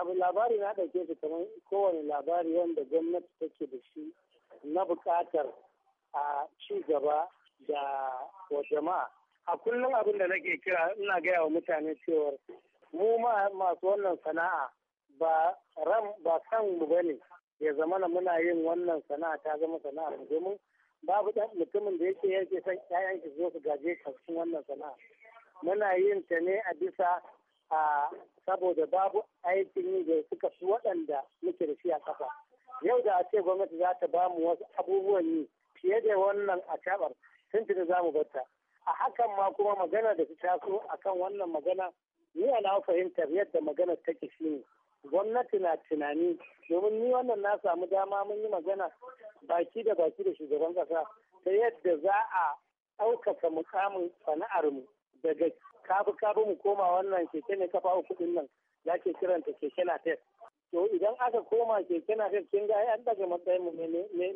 abu labari na ɗauke shi kamar kowane labari wanda gwamnati take da shi na buƙatar a ci gaba da wa jama'a a kullum abin da nake kira ina gaya wa mutane cewar mu ma masu wannan sana'a ba ram ba kan mu bane ya zamana muna yin wannan sana'a ta zama sana'a domin babu dan mutumin da yake yake son ƴaƴan shi zo su gaje ka wannan sana'a muna yin ta ne a bisa a saboda babu aikin yi da suka fi waɗanda muke da shi a ƙasa yau da a ce gwamnati za ta bamu wasu abubuwan yi fiye da wannan a caɓar tuntuni za mu barta a hakan ma kuma magana da su taso a kan wannan magana ni na fahimtar yadda magana take shi ne gwamnati na tunani domin ni wannan na samu dama mun yi magana baki da baki da shugaban ƙasa ta yadda za a ɗaukaka mukamin sana'armu daga kabu kabu mu koma wannan keke ne kafa uku din nan ya ke kiranta keke na tes to idan aka koma keke na tes kin ga an daga matsayin mu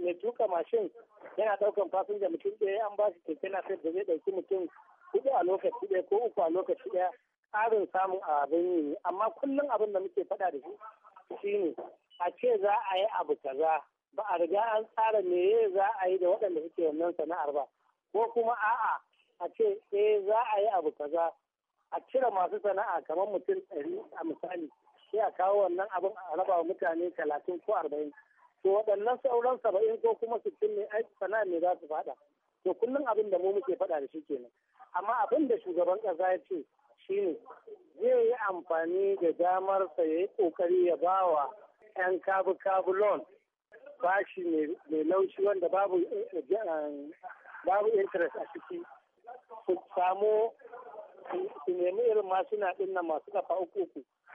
mai tuka mashin yana daukan fasinja mutum ɗaya an ba shi keke na tes da zai ɗauki mutum hudu a lokaci ɗaya ko uku a lokaci ɗaya ƙarin samun abin yi amma kullum abin da muke faɗa da shi ne a ce za a yi abu kaza ba a riga an tsara meye za a yi da waɗanda suke wannan sana'ar ba ko kuma a'a a ce eh za a yi abu kaza a cire masu sana'a kamar mutum ɗari a misali sai a kawo wannan abin a raba wa mutane talatin ko arba'in to waɗannan sauran saba'in ko kuma sittin ne ai sana'a ne za su faɗa to kullum abin da mu muke faɗa da shi kenan amma abin da shugaban ƙasa ya ce shine zai yi amfani da damar sa ya yi ƙoƙari ya ba wa 'yan kabu kabu loan bashi mai laushi wanda babu eh, eh, eh, babu interest a ciki su samu su nemi irin masina din nan masu kafa uku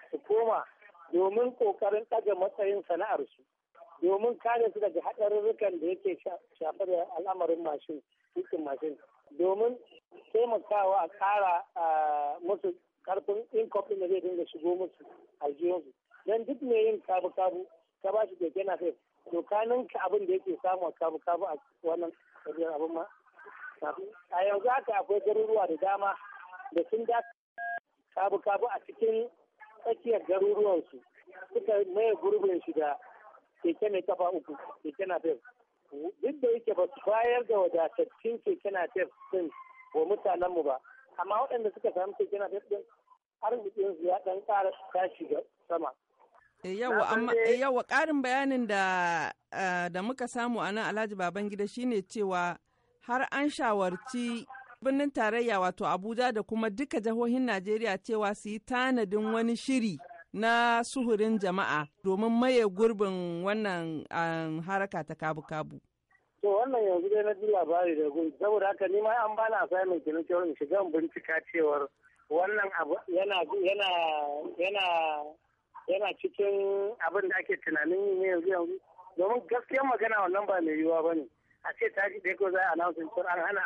su koma domin ƙoƙarin ɗaga matsayin sana'arsu domin kare su daga haɗarurrukan da yake shafar al'amarin mashin tukin mashin domin taimakawa a ƙara musu karfin inkofin da zai dinga shigo musu aljihunsu don duk mai yin kabu-kabu ka ba shi keke na sai to ka abin da yake samu kabu-kabu a wannan abin a yanzu haka akwai garuruwa da dama da sun da kabu kabu a cikin tsakiyar garuruwansu suka maye gurbin shi da keke mai kafa uku keke na fef duk da yake ba su bayar da wadatattun keke na fef din wa mutanenmu ba amma waɗanda suka samu keke na fef din arzikinsu ya ɗan ƙara tashi ga sama eh, yawa amma eh, ƙarin bayanin da eh, da muka samu a nan Alhaji Babangida shine cewa har an shawarci birnin tarayya wato Abuja da kuma duka jihohin Najeriya cewa su yi tanadin wani shiri na suhurin jama'a domin maye gurbin wannan um, haraka ta kabu-kabu. To wannan yanzu dai na ji labari da gun saboda haka ni ma an bani assignment kenan cewa in shiga bincika cewar wannan abu yana yana yana yana cikin abin da ake tunanin ne yanzu yanzu domin gaskiyar magana wannan ba mai yiwuwa bane. a ce ta ji ko za a announcing sun an hana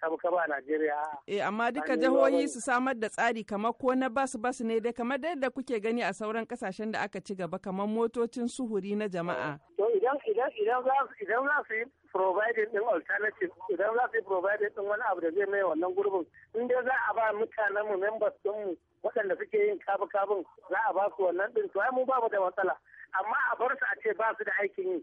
kabu-kabu a Najeriya. Eh amma duka jihohi su samar da tsari kamar ko na bas bas ne dai kamar da yadda kuke gani a sauran kasashen da aka ci gaba kamar motocin suhuri na jama'a. To idan idan idan za idan za su yi providing din alternative idan za su yi providing din wani abu da zai mai wannan gurbin in dai za a ba mutanen mu members din waɗanda suke yin kabu-kabun za a ba su wannan din to ai mu babu da matsala amma a bar su a ce ba su da aikin yi